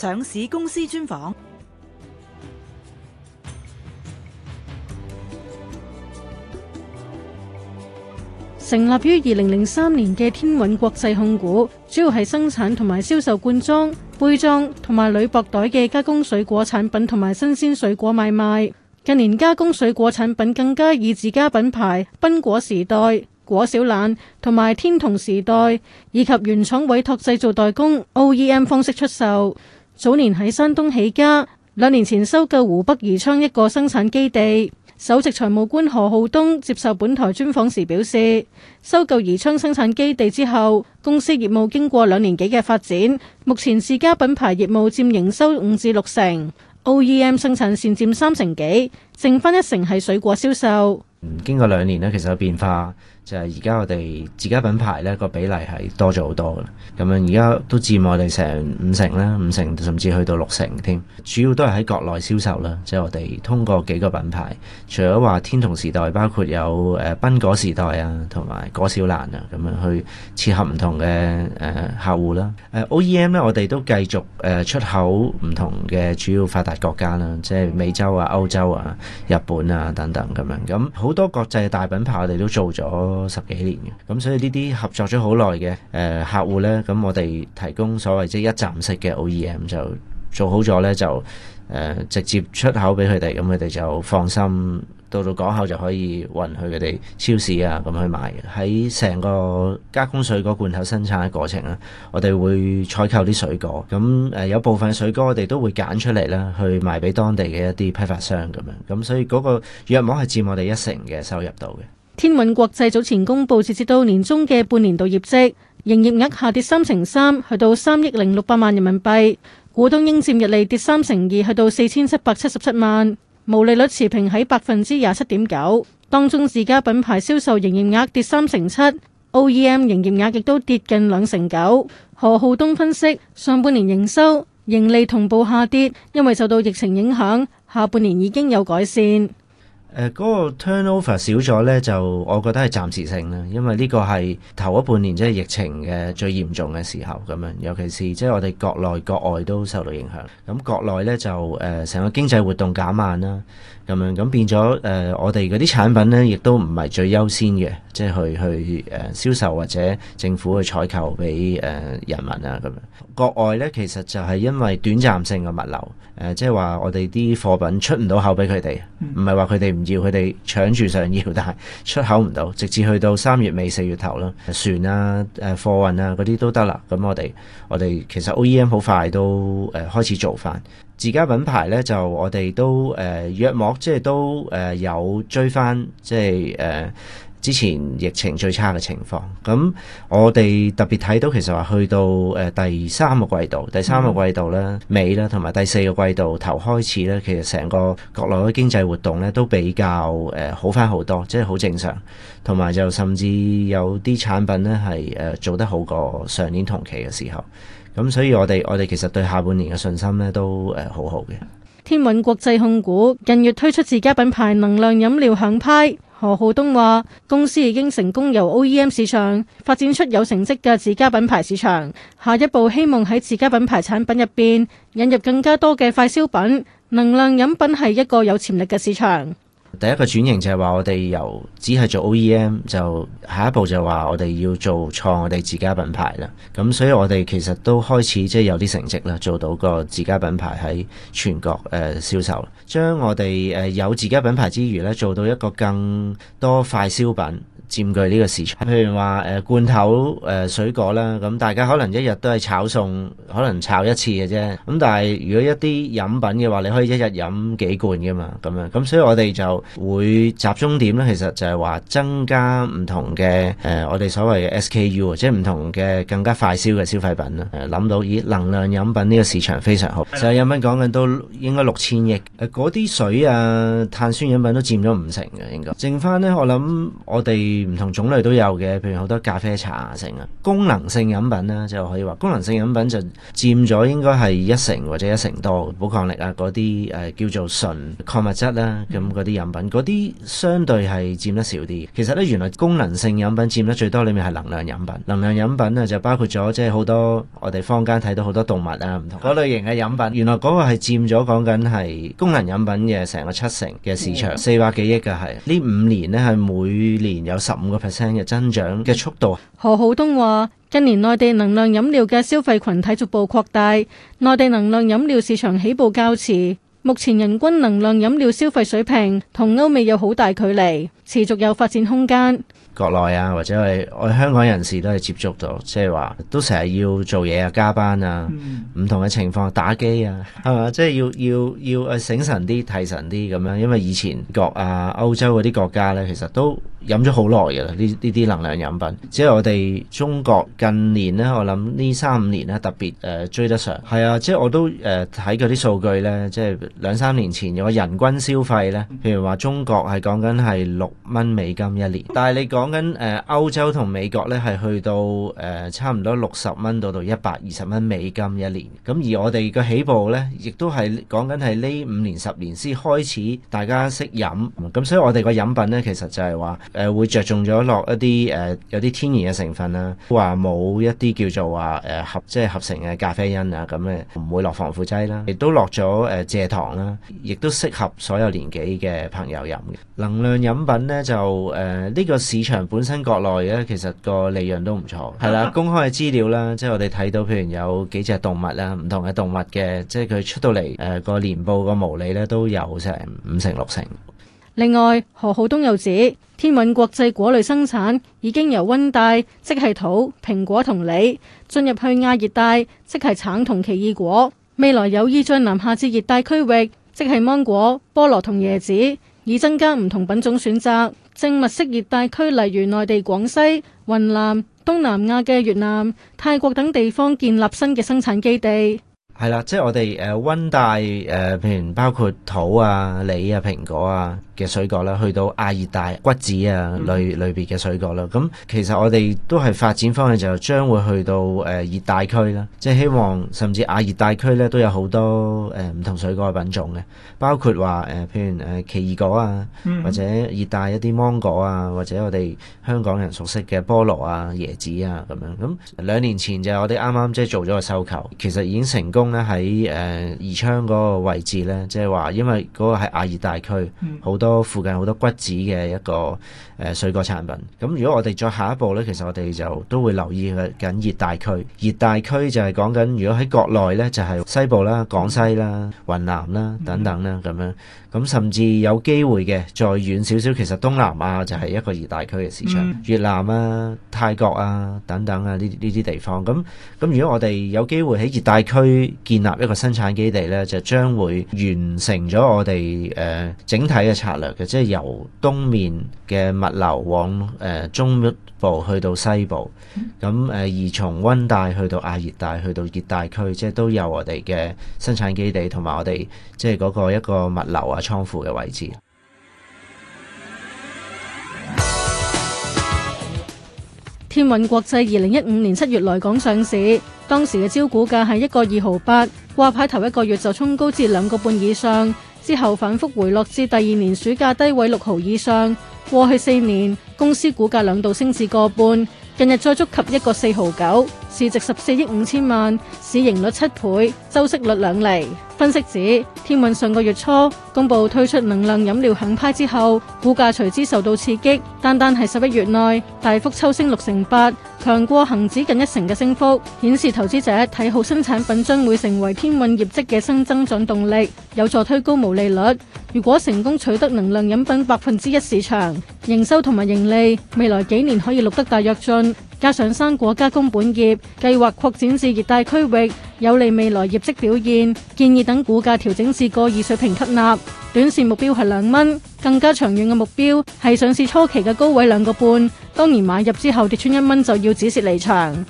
上市公司專訪。成立於二零零三年嘅天韻國際控股，主要係生產同埋銷售罐裝、杯裝同埋鋁箔袋嘅加工水果產品同埋新鮮水果買賣。近年加工水果產品更加以自家品牌繽果時代、果小懶同埋天同時代，以及原廠委託製造代工 OEM 方式出售。早年喺山東起家，兩年前收購湖北宜昌一個生產基地。首席財務官何浩東接受本台專訪時表示，收購宜昌生產基地之後，公司業務經過兩年幾嘅發展，目前自家品牌業務佔營收五至六成，OEM 生產線佔三成幾，剩返一成係水果銷售。嗯，經過兩年咧，其實有變化。就係而家我哋自家品牌咧個比例係多咗好多嘅，咁樣而家都佔我哋成五成啦，五成甚至去到六成添。主要都係喺國內銷售啦，即係我哋通過幾個品牌，除咗話天同時代，包括有誒繽果時代啊，同埋果小懶啊，咁樣去切合唔同嘅誒客戶啦、啊。OEM 咧，我哋都繼續誒出口唔同嘅主要發達國家啦、啊，即係美洲啊、歐洲啊、日本啊等等咁樣。咁好多國際大品牌，我哋都做咗。十幾年嘅，咁所以呢啲合作咗好耐嘅，誒客戶咧，咁我哋提供所謂即係一站式嘅 OEM 就做好咗咧，就誒直接出口俾佢哋，咁佢哋就放心到到港口就可以運去佢哋超市啊，咁去賣。喺成個加工水果罐頭生產嘅過程啊，我哋會採購啲水果，咁誒有部分水果我哋都會揀出嚟啦，去賣俾當地嘅一啲批發商咁樣，咁所以嗰個約莫係佔我哋一成嘅收入度嘅。天韻國際早前公布截至到年中嘅半年度業績，營業額下跌三成三，去到三億零六百萬人民幣，股東應佔溢利跌三成二，去到四千七百七十七萬，毛利率持平喺百分之廿七點九。當中自家品牌銷售營業額跌三成七，OEM 營業額亦都跌近兩成九。何浩東分析，上半年營收、盈利同步下跌，因為受到疫情影響，下半年已經有改善。誒嗰個 turnover 少咗呢，就我覺得係暫時性啦，因為呢個係頭嗰半年，即係疫情嘅最嚴重嘅時候咁樣，尤其是即係我哋國內國外都受到影響。咁國內呢，就誒成個經濟活動減慢啦。咁樣咁變咗誒、呃，我哋嗰啲產品咧，亦都唔係最優先嘅，即係去去誒、呃、銷售或者政府去採購俾誒、呃、人民啊咁樣。國外咧，其實就係因為短暫性嘅物流誒、呃，即係話我哋啲貨品出唔到口俾佢哋，唔係話佢哋唔要，佢哋搶住想要，但係出口唔到，直至去到三月尾四月頭咯，船啊誒貨運啊嗰啲都得啦。咁我哋我哋其實 OEM 好快都誒、呃、開始做翻。自家品牌咧就我哋都誒、呃、約莫即係都誒有追翻即係誒、呃、之前疫情最差嘅情況。咁我哋特別睇到其實話去到誒、呃、第三個季度，第三個季度咧、嗯、尾啦，同埋第四個季度頭開始咧，其實成個國內嘅經濟活動咧都比較誒好翻好多，即係好正常。同埋就甚至有啲產品咧係誒做得好過上年同期嘅時候。咁所以我，我哋我哋其實對下半年嘅信心呢都誒、呃、好好嘅。天韻國際控股近日推出自家品牌能量飲料響派。何浩東話：公司已經成功由 OEM 市場發展出有成績嘅自家品牌市場。下一步希望喺自家品牌產品入邊引入更加多嘅快消品。能量飲品係一個有潛力嘅市場。第一個轉型就係話我哋由只係做 OEM，就下一步就話我哋要做創我哋自家品牌啦。咁所以我哋其實都開始即係有啲成績啦，做到個自家品牌喺全國誒、呃、銷售，將我哋誒、呃、有自家品牌之餘咧，做到一個更多快消品。佔據呢個市場，譬如話誒、呃、罐頭、誒、呃、水果啦，咁、呃、大家可能一日都係炒餸，可能炒一次嘅啫。咁但係如果一啲飲品嘅話，你可以一日飲幾罐嘅嘛，咁樣。咁所以我哋就會集中點咧，其實就係話增加唔同嘅誒、呃，我哋所謂嘅 SKU，即係唔同嘅更加快銷嘅消費品啦。諗到咦，能量飲品呢個市場非常好，就係飲品講緊都應該六千億。誒、呃，嗰啲水啊、碳酸飲品都佔咗五成嘅，應該。剩翻咧，我諗我哋。唔同種類都有嘅，譬如好多咖啡茶成啊，功能性飲品咧，就可以話功能性飲品就佔咗應該係一成或者一成多，補抗力啊嗰啲誒叫做純礦物質啦，咁嗰啲飲品嗰啲相對係佔得少啲。其實呢，原來功能性飲品佔得最多，裡面係能量飲品，能量飲品咧就包括咗即係好多我哋坊間睇到好多動物啊唔同嗰類型嘅飲品。原來嗰個係佔咗講緊係功能飲品嘅成個七成嘅市場，四百幾億嘅係呢五年呢係每年有十五個 percent 嘅增長嘅速度。何浩東話：近年內地能量飲料嘅消費群體逐步擴大，內地能量飲料市場起步較遲，目前人均能量飲料消費水平同歐美有好大距離，持續有發展空間。國內啊，或者係我香港人士都係接觸到，即係話都成日要做嘢啊，加班啊，唔、嗯、同嘅情況打機啊，係嘛？即係要要要醒神啲、提神啲咁樣，因為以前國啊、歐洲嗰啲國家呢，其實都。飲咗好耐嘅啦，呢呢啲能量飲品，即係我哋中國近年呢，我諗呢三五年呢特別誒、呃、追得上。係啊，即係我都誒睇過啲數據呢，即係兩三年前有個人均消費呢，譬如話中國係講緊係六蚊美金一年，但係你講緊誒歐洲同美國呢係去到誒、呃、差唔多六十蚊到到一百二十蚊美金一年。咁而我哋個起步呢，亦都係講緊係呢五年十年先開始大家識飲。咁所以我哋個飲品呢，其實就係話。誒會着重咗落一啲誒、呃、有啲天然嘅成分啦，話冇一啲叫做話誒、呃、合即係合成嘅咖啡因啊，咁咧唔會落防腐劑啦，亦都落咗誒蔗糖啦，亦都適合所有年紀嘅朋友飲嘅能量飲品咧就誒呢、呃這個市場本身國內咧其實個利潤都唔錯，係啦、啊、公開嘅資料啦，即係我哋睇到，譬如有幾隻動物啦，唔同嘅動物嘅，即係佢出到嚟誒個年報個毛利咧都有成五成六成。另外，何浩東又指，天韻國際果類生產已經由溫帶，即係桃、蘋果同梨，進入去亞熱帶，即係橙同奇異果。未來有意將南下至熱帶區域，即係芒果、菠蘿同椰子，以增加唔同品種選擇。正物色熱帶區，例如內地廣西、雲南、東南亞嘅越南、泰國等地方，建立新嘅生產基地。係啦，即係我哋誒溫帶、呃、譬如包括桃啊、梨啊、蘋果啊。嘅水果啦，去到亞熱帶、骨子啊，類類別嘅水果啦。咁其實我哋都係發展方向就將會去到誒熱帶區啦。即係希望甚至亞熱帶區咧都有好多誒唔、呃、同水果嘅品種嘅，包括話誒譬如，誒、呃、奇異果啊，或者熱帶一啲芒果啊，或者我哋香港人熟悉嘅菠蘿啊、椰子啊咁樣，咁、嗯、兩年前就係我哋啱啱即係做咗個收購，其實已經成功咧喺誒宜昌嗰個位置咧，即係話因為嗰個係亞熱帶區好多。嗯多附近好多骨子嘅一個誒水果產品，咁如果我哋再下一步咧，其實我哋就都會留意緊熱帶區。熱帶區就係講緊，如果喺國內咧就係西部啦、廣西啦、雲南啦等等啦咁樣。咁甚至有機會嘅再遠少少，其實東南亞就係一個熱帶區嘅市場，越南啊、泰國啊等等啊呢呢啲地方。咁咁如果我哋有機會喺熱帶區建立一個生產基地咧，就將會完成咗我哋誒整體嘅策略。嘅，即係由東面嘅物流往誒、呃、中一部去到西部，咁誒、呃，而從溫帶去到亞熱帶，去到熱帶區，即係都有我哋嘅生產基地同埋我哋即係個一個物流啊倉庫嘅位置。天韻國際二零一五年七月來港上市，當時嘅招股價係一個二毫八，掛牌頭一個月就衝高至兩個半以上。之後反覆回落，至第二年暑假低位六毫以上。過去四年，公司股價兩度升至個半，近日再觸及一個四毫九。市值十四億五千萬，市盈率七倍，周息率,率兩厘。分析指天韻上個月初公布推出能量飲料行派之後，股價隨之受到刺激，單單係十一月內大幅抽升六成八，強過恒指近一成嘅升幅，顯示投資者睇好新產品將會成為天韻業績嘅新增長動力，有助推高毛利率。如果成功取得能量飲品百分之一市場，營收同埋盈利未來幾年可以錄得大躍進。加上生果加工本業計劃擴展至熱帶區域，有利未來業績表現。建議等股價調整至個二水平吸納，短線目標係兩蚊，更加長遠嘅目標係上市初期嘅高位兩個半。當然買入之後跌穿一蚊就要止蝕離場。